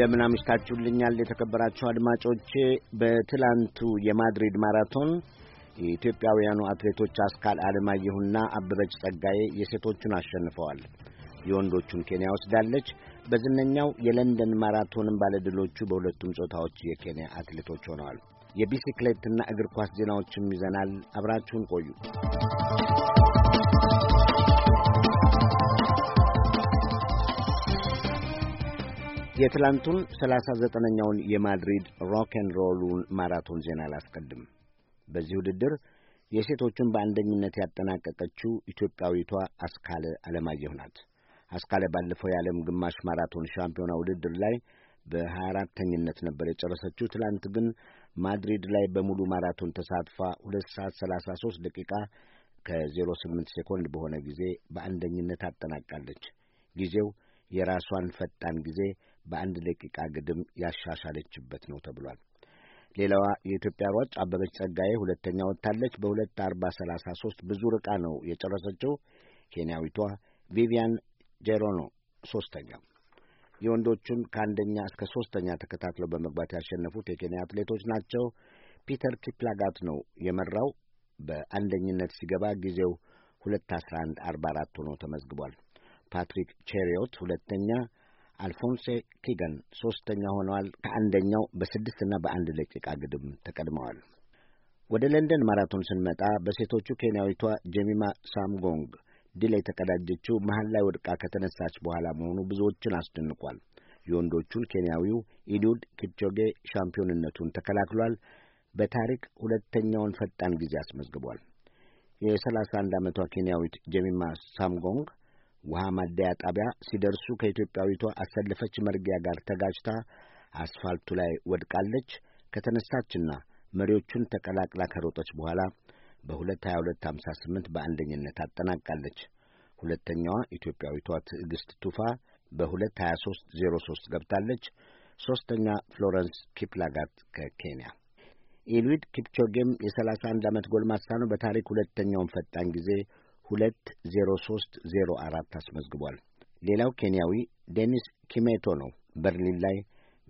እንደምን አምሽታችሁልኛል የተከበራችሁ አድማጮቼ። በትላንቱ የማድሪድ ማራቶን የኢትዮጵያውያኑ አትሌቶች አስካል አለማየሁና አበበች ጸጋዬ የሴቶቹን አሸንፈዋል። የወንዶቹን ኬንያ ወስዳለች። በዝነኛው የለንደን ማራቶንም ባለድሎቹ በሁለቱም ጾታዎች የኬንያ አትሌቶች ሆነዋል። የቢሲክሌትና እግር ኳስ ዜናዎችም ይዘናል። አብራችሁን ቆዩ። የትላንቱን 39 ዘጠነኛውን የማድሪድ ሮክን ሮሉን ማራቶን ዜና አላስቀድም። በዚህ ውድድር የሴቶቹን በአንደኝነት ያጠናቀቀችው ኢትዮጵያዊቷ አስካለ አለማየሁ ናት። አስካለ ባለፈው የዓለም ግማሽ ማራቶን ሻምፒዮና ውድድር ላይ በሀያ አራተኝነት ነበር የጨረሰችው። ትላንት ግን ማድሪድ ላይ በሙሉ ማራቶን ተሳትፋ ሁለት ሰዓት ሰላሳ ሶስት ደቂቃ ከዜሮ ስምንት ሴኮንድ በሆነ ጊዜ በአንደኝነት አጠናቃለች። ጊዜው የራሷን ፈጣን ጊዜ በአንድ ደቂቃ ግድም ያሻሻለችበት ነው ተብሏል። ሌላዋ የኢትዮጵያ ሯጭ አበበች ጸጋዬ ሁለተኛ ወጥታለች። በሁለት አርባ ሰላሳ ሶስት ብዙ ርቃ ነው የጨረሰችው። ኬንያዊቷ ቪቪያን ጄሮኖ ሶስተኛ። የወንዶቹን ከአንደኛ እስከ ሶስተኛ ተከታትለው በመግባት ያሸነፉት የኬንያ አትሌቶች ናቸው። ፒተር ኪፕላጋት ነው የመራው። በአንደኝነት ሲገባ ጊዜው ሁለት አስራ አንድ አርባ አራት ሆኖ ተመዝግቧል። ፓትሪክ ቼሪዮት ሁለተኛ አልፎንሴ ኪገን ሦስተኛ ሆነዋል። ከአንደኛው በስድስትና በአንድ ደቂቃ ግድም ተቀድመዋል። ወደ ለንደን ማራቶን ስንመጣ በሴቶቹ ኬንያዊቷ ጄሚማ ሳምጎንግ ድል የተቀዳጀችው መሀል ላይ ወድቃ ከተነሳች በኋላ መሆኑ ብዙዎችን አስደንቋል። የወንዶቹን ኬንያዊው ኢዱድ ኪፕቾጌ ሻምፒዮንነቱን ተከላክሏል። በታሪክ ሁለተኛውን ፈጣን ጊዜ አስመዝግቧል። አንድ ዓመቷ ኬንያዊት ጄሚማ ሳምጎንግ ውሃ ማደያ ጣቢያ ሲደርሱ ከኢትዮጵያዊቷ አሰለፈች መርጊያ ጋር ተጋጅታ አስፋልቱ ላይ ወድቃለች። ከተነሳችና መሪዎቹን ተቀላቅላ ከሮጠች በኋላ በ ሀያ በአንደኝነት አጠናቃለች። ሁለተኛዋ ኢትዮጵያዊቷ ትዕግስት ቱፋ በ22303 ገብታለች። ሦስተኛ ፍሎረንስ ኪፕላጋት ከኬንያ። ኢሉዊድ ኪፕቾጌም የ31 ዓመት ጎልማሳ ነው። በታሪክ ሁለተኛውን ፈጣን ጊዜ ሁለት ዜሮ ሶስት ዜሮ አራት አስመዝግቧል። ሌላው ኬንያዊ ዴኒስ ኪሜቶ ነው። በርሊን ላይ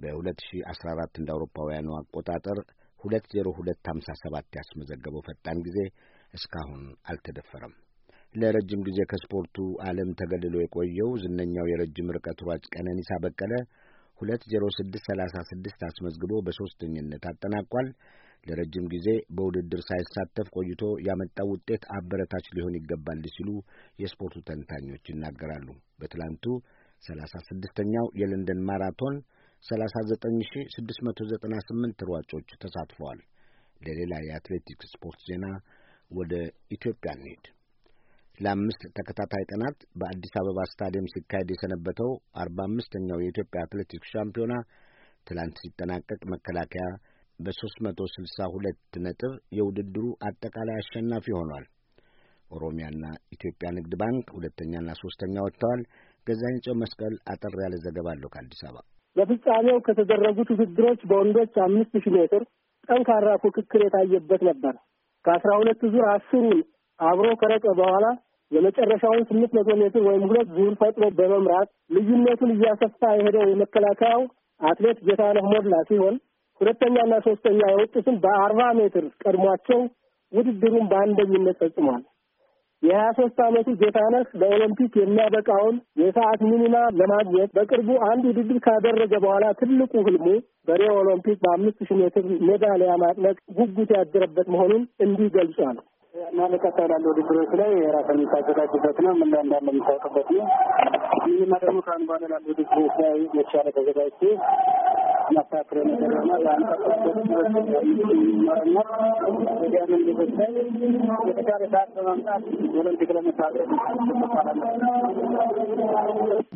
በ2014 እንደ አውሮፓውያኑ አቆጣጠር 20257 ያስመዘገበው ፈጣን ጊዜ እስካሁን አልተደፈረም። ለረጅም ጊዜ ከስፖርቱ ዓለም ተገልሎ የቆየው ዝነኛው የረጅም ርቀት ሯጭ ቀነኒሳ በቀለ ዜሮ6 ስድስት አስመዝግቦ በሦስተኝነት አጠናቋል። ለረጅም ጊዜ በውድድር ሳይሳተፍ ቆይቶ ያመጣው ውጤት አበረታች ሊሆን ይገባል ሲሉ የስፖርቱ ተንታኞች ይናገራሉ። በትላንቱ 36ኛው የለንደን ማራቶን ስምንት ሯጮች ተሳትፈዋል። ለሌላ የአትሌቲክስ ስፖርት ዜና ወደ ኢትዮጵያ እንሄድ። ለአምስት ተከታታይ ቀናት በአዲስ አበባ ስታዲየም ሲካሄድ የሰነበተው አርባ አምስተኛው የኢትዮጵያ አትሌቲክስ ሻምፒዮና ትላንት ሲጠናቀቅ መከላከያ በሶስት መቶ ስልሳ ሁለት ነጥብ የውድድሩ አጠቃላይ አሸናፊ ሆኗል። ኦሮሚያና ኢትዮጵያ ንግድ ባንክ ሁለተኛና ሶስተኛ ወጥተዋል። ገዛኝጨው መስቀል አጠር ያለ ዘገባ አለው ከአዲስ አበባ። በፍጻሜው ከተደረጉት ውድድሮች በወንዶች አምስት ሺህ ሜትር ጠንካራ ፉክክር የታየበት ነበር። ከአስራ ሁለት ዙር አስሩን አብሮ ከረጠ በኋላ የመጨረሻውን ስምንት መቶ ሜትር ወይም ሁለት ዙር ፈጥሮ በመምራት ልዩነቱን እያሰፋ የሄደው የመከላከያው አትሌት ጌታነህ ሞላ ሲሆን ሁለተኛና ሶስተኛ የወጡትን በአርባ ሜትር ቀድሟቸው ውድድሩን በአንደኝነት ፈጽሟል። የሀያ ሶስት ዓመቱ ጌታነህ ለኦሎምፒክ የሚያበቃውን የሰዓት ሚኒማ ለማግኘት በቅርቡ አንድ ውድድር ካደረገ በኋላ ትልቁ ህልሙ በሪዮ ኦሎምፒክ በአምስት ሺህ ሜትር ሜዳሊያ ማጥለቅ ጉጉት ያደረበት መሆኑን እንዲህ ገልጿል። ማለቀሳ ላለ ውድድሮች ላይ የራስን የምታዘጋጅበት ነው። ምን ላይ እንዳለ የምታውቅበት ነው። ይህማ ደግሞ ከአሁን በኋላ ላለ ውድድሮች ላይ የተሻለ ተዘጋጅቼ ማስተካከል መደረግና በአንድ ላይ የተሻለ ሰዓት በማምጣት ኦሎምፒክ ለመሳተፍ ይባላል።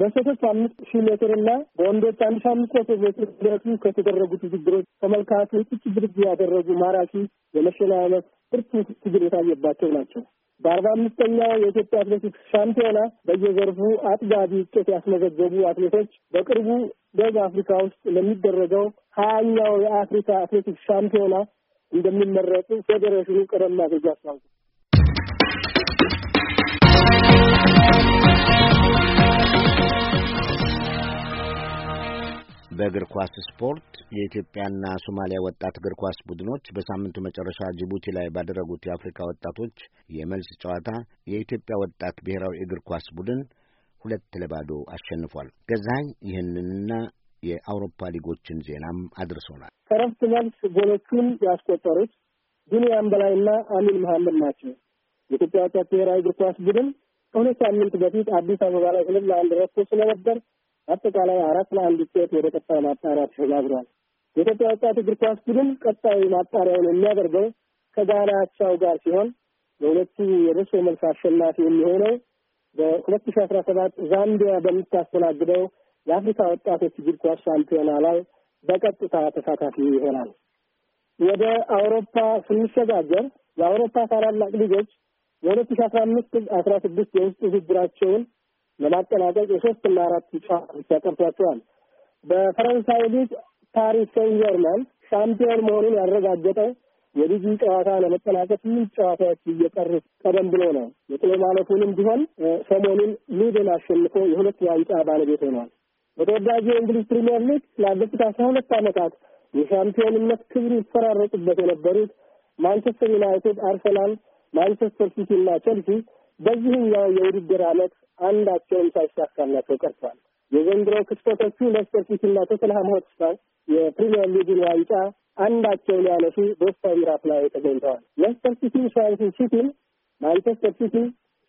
በሴቶች አምስት ሺህ ሜትር እና በወንዶች አንድ ሺህ አምስት መቶ ሜትር ድረቱ ከተደረጉት ውድድሮች ተመልካቾች ድርጅ ያደረጉ ማራኪ የመሸናነት ብርቱ ትግል የታየባቸው ናቸው። በአርባ አምስተኛው የኢትዮጵያ አትሌቲክስ ሻምፒዮና በየዘርፉ አጥጋቢ ውጤት ያስመዘገቡ አትሌቶች በቅርቡ ደቡብ አፍሪካ ውስጥ ለሚደረገው ሀያኛው የአፍሪካ አትሌቲክስ ሻምፒዮና እንደሚመረጡ ፌዴሬሽኑ ቀደም አድርጎ አስታውቋል። በእግር ኳስ ስፖርት የኢትዮጵያና ሶማሊያ ወጣት እግር ኳስ ቡድኖች በሳምንቱ መጨረሻ ጅቡቲ ላይ ባደረጉት የአፍሪካ ወጣቶች የመልስ ጨዋታ የኢትዮጵያ ወጣት ብሔራዊ እግር ኳስ ቡድን ሁለት ለባዶ አሸንፏል። ገዛኝ ይህንንና የአውሮፓ ሊጎችን ዜናም አድርሶናል። ከረፍት መልስ ጎሎቹን ያስቆጠሩት ቢንያም በላይና አሚን መሐመድ ናቸው። የኢትዮጵያ ወጣት ብሔራዊ እግር ኳስ ቡድን ከሁለት ሳምንት በፊት አዲስ አበባ ላይ ሁለት ለአንድ ረትቶ ስለነበር አጠቃላይ አራት ለአንድ ውጤት ወደ ቀጣይ ማጣሪያ ተሸጋግሯል። የኢትዮጵያ ወጣት እግር ኳስ ቡድን ቀጣይ ማጣሪያውን የሚያደርገው ከጋና አቻው ጋር ሲሆን በሁለቱ የደርሶ መልስ አሸናፊ የሚሆነው በሁለት ሺ አስራ ሰባት ዛምቢያ በምታስተናግደው የአፍሪካ ወጣቶች እግር ኳስ ሻምፒዮና ላይ በቀጥታ ተሳታፊ ይሆናል። ወደ አውሮፓ ስንሸጋገር የአውሮፓ ታላላቅ ሊጎች የሁለት ሺ አስራ አምስት አስራ ስድስት የውስጥ ውድድራቸውን ለማጠናቀቅ የሶስት እና አራት ጨዋታዎች ቀርቷቸዋል። በፈረንሳይ ሊግ ፓሪስ ሴን ጀርመን ሻምፒዮን መሆኑን ያረጋገጠ የልጁ ጨዋታ ለመጠናቀቅ ምን ጨዋታዎች እየቀሩት ቀደም ብሎ ነው። የጥሎ ማለፉንም ቢሆን ሰሞኑን ሊድን አሸንፎ የሁለት ዋንጫ ባለቤት ሆኗል። በተወዳጁ የእንግሊዝ ፕሪሚየር ሊግ ላለፉት አስራ ሁለት ዓመታት የሻምፒዮንነት ክብር ይፈራረቁበት የነበሩት ማንቸስተር ዩናይትድ፣ አርሰናል፣ ማንቸስተር ሲቲ እና ቸልሲ በዚህኛው የውድድር ዓመት አንዳቸውም ሳይሳካላቸው ቀርቷል። የዘንድሮ ክስተቶቹ ሌስተር ሲቲና ቶተንሃም ሆትስፐር የፕሪሚየር ሊግን ዋንጫ አንዳቸው ሊያነሱ በወሳኝ ምዕራፍ ላይ ተገኝተዋል። ሌስተር ሲቲ ስዋንሲ ሲቲን፣ ማንቸስተር ሲቲ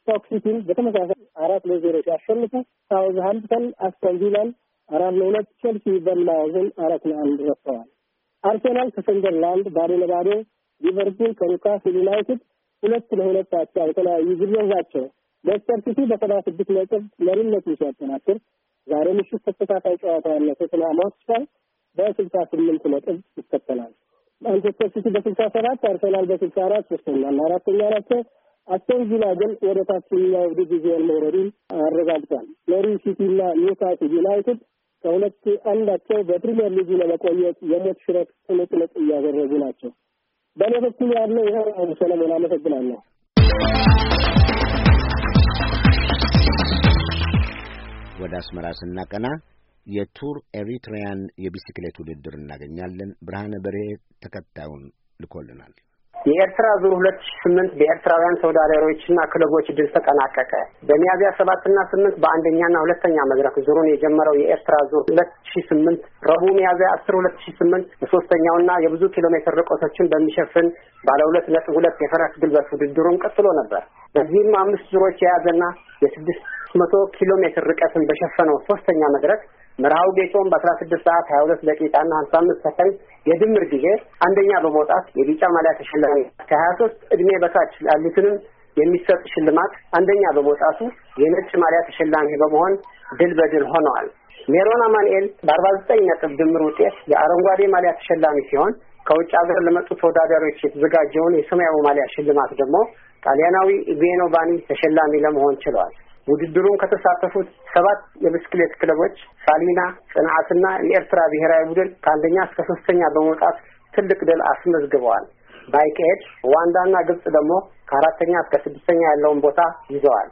ስቶክ ሲቲን በተመሳሳይ አራት ለዜሮ ሲያሸንፉ ሳውዝሃምፕተን አስቶን ቪላን አራት ለሁለት፣ ቼልሲ በርንማውዝን አራት ለአንድ ረትተዋል። አርሴናል ከሰንደርላንድ ባዶ ለባዶ፣ ሊቨርፑል ከኒውካስል ዩናይትድ ሁለት ለሁለት አቻ የተለያዩ ግድዛቸው ዶክተር ሲቲ በሰባ ስድስት ነጥብ መሪነቱን ሲያጠናክር ዛሬ ምሽት ተስተካካይ ጨዋታ ያለው ቶተንሃም ሆትስፐር በስልሳ ስምንት ነጥብ ይከተላል። ማንቸስተር ሲቲ በስልሳ ሰባት አርሰናል በስልሳ አራት ሶስተኛና አራተኛ ናቸው። አስቶን ቪላ ግን ወደ ታችኛው ዲቪዚዮን መውረዱን አረጋግጧል። ኖሪች ሲቲና ኒውካስል ዩናይትድ ከሁለት አንዳቸው በፕሪምየር ሊጉ ለመቆየት የሞት ሽረት ትንቅንቅ እያደረጉ ናቸው። በእኔ በኩል ያለው ይኸው። ሰለሞን አመሰግናለሁ። ወደ አስመራ ስናቀና የቱር ኤሪትሪያን የቢስክሌት ውድድር እናገኛለን። ብርሃነ በርሄ ተከታዩን ልኮልናል። የኤርትራ ዙር ሁለት ሺ ስምንት በኤርትራውያን ተወዳዳሪዎችና ክለቦች ድል ተጠናቀቀ። በሚያዝያ ሰባትና ስምንት በአንደኛና ሁለተኛ መድረክ ዙሩን የጀመረው የኤርትራ ዙር ሁለት ሺ ስምንት ረቡዕ ሚያዝያ አስር ሁለት ሺ ስምንት በሶስተኛውና የብዙ ኪሎ ሜትር ርቀቶችን በሚሸፍን ባለ ሁለት ነጥብ ሁለት የፈረስ ግልበት ውድድሩን ቀጥሎ ነበር። በዚህም አምስት ዙሮች የያዘና የስድስት መቶ ኪሎ ሜትር ርቀትን በሸፈነው ሶስተኛ መድረክ ምርሃው ጌቶም በአስራ ስድስት ሰዓት ሀያ ሁለት ና ሀምሳ አምስት ሰከንድ የድምር ጊዜ አንደኛ በመውጣት የቢጫ ማሊያ ተሸላሚ ከሀያ ሶስት እድሜ በታች ላሉትንም የሚሰጥ ሽልማት አንደኛ በመውጣቱ የነጭ ማሊያ ተሸላሚ በመሆን ድል በድል ሆነዋል። ሜሮን አማንኤል በአርባ ዘጠኝ ነጥብ ድምር ውጤት የአረንጓዴ ማሊያ ተሸላሚ ሲሆን ከውጭ ሀገር ለመጡ ተወዳዳሪዎች የተዘጋጀውን የሰማያዊ ማሊያ ሽልማት ደግሞ ጣሊያናዊ ኢጌኖ ባኒ ተሸላሚ ለመሆን ችለዋል። ውድድሩን ከተሳተፉት ሰባት የብስክሌት ክለቦች ሳሊና፣ ጽንዓትና የኤርትራ ብሔራዊ ቡድን ከአንደኛ እስከ ሶስተኛ በመውጣት ትልቅ ድል አስመዝግበዋል። ባይቅኤድ፣ ዋንዳና ግብጽ ደግሞ ከአራተኛ እስከ ስድስተኛ ያለውን ቦታ ይዘዋል።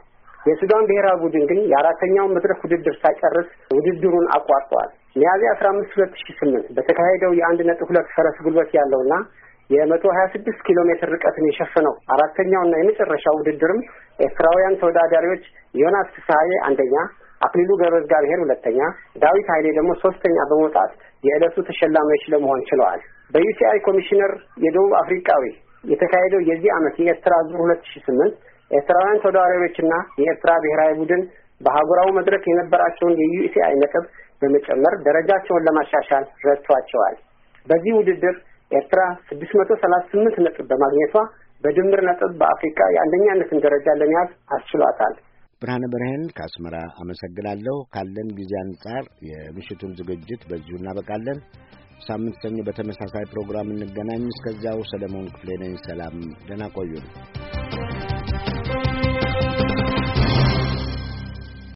የሱዳን ብሔራዊ ቡድን ግን የአራተኛውን መድረክ ውድድር ሳይጨርስ ውድድሩን አቋርጠዋል። ሚያዝያ አስራ አምስት ሁለት ሺ ስምንት በተካሄደው የአንድ ነጥብ ሁለት ፈረስ ጉልበት ያለውና የመቶ ሀያ ስድስት ኪሎ ሜትር ርቀትን የሸፈነው አራተኛውና የመጨረሻው ውድድርም ኤርትራውያን ተወዳዳሪዎች ዮናስ ፍስሀዬ አንደኛ፣ አክሊሉ ገብረ እግዚአብሔር ሁለተኛ፣ ዳዊት ኃይሌ ደግሞ ሶስተኛ በመውጣት የዕለቱ ተሸላሚዎች ለመሆን ችለዋል። በዩሲአይ ኮሚሽነር የደቡብ አፍሪካዊ የተካሄደው የዚህ ዓመት የኤርትራ ዙር ሁለት ሺ ስምንት ኤርትራውያን ተወዳዳሪዎችና የኤርትራ ብሔራዊ ቡድን በአህጉራዊ መድረክ የነበራቸውን የዩሲአይ ነጥብ በመጨመር ደረጃቸውን ለማሻሻል ረድቷቸዋል። በዚህ ውድድር ኤርትራ ስድስት መቶ ሰላሳ ስምንት ነጥብ በማግኘቷ በድምር ነጥብ በአፍሪካ የአንደኛነትን ደረጃ ለመያዝ አስችሏታል። ብርሃነ ብርሄን ከአስመራ አመሰግናለሁ። ካለን ጊዜ አንጻር የምሽቱን ዝግጅት በዚሁ እናበቃለን። ሳምንት ሰኞ በተመሳሳይ ፕሮግራም እንገናኝ። እስከዚያው ሰለሞን ክፍሌ ነኝ። ሰላም፣ ደህና ቆዩን።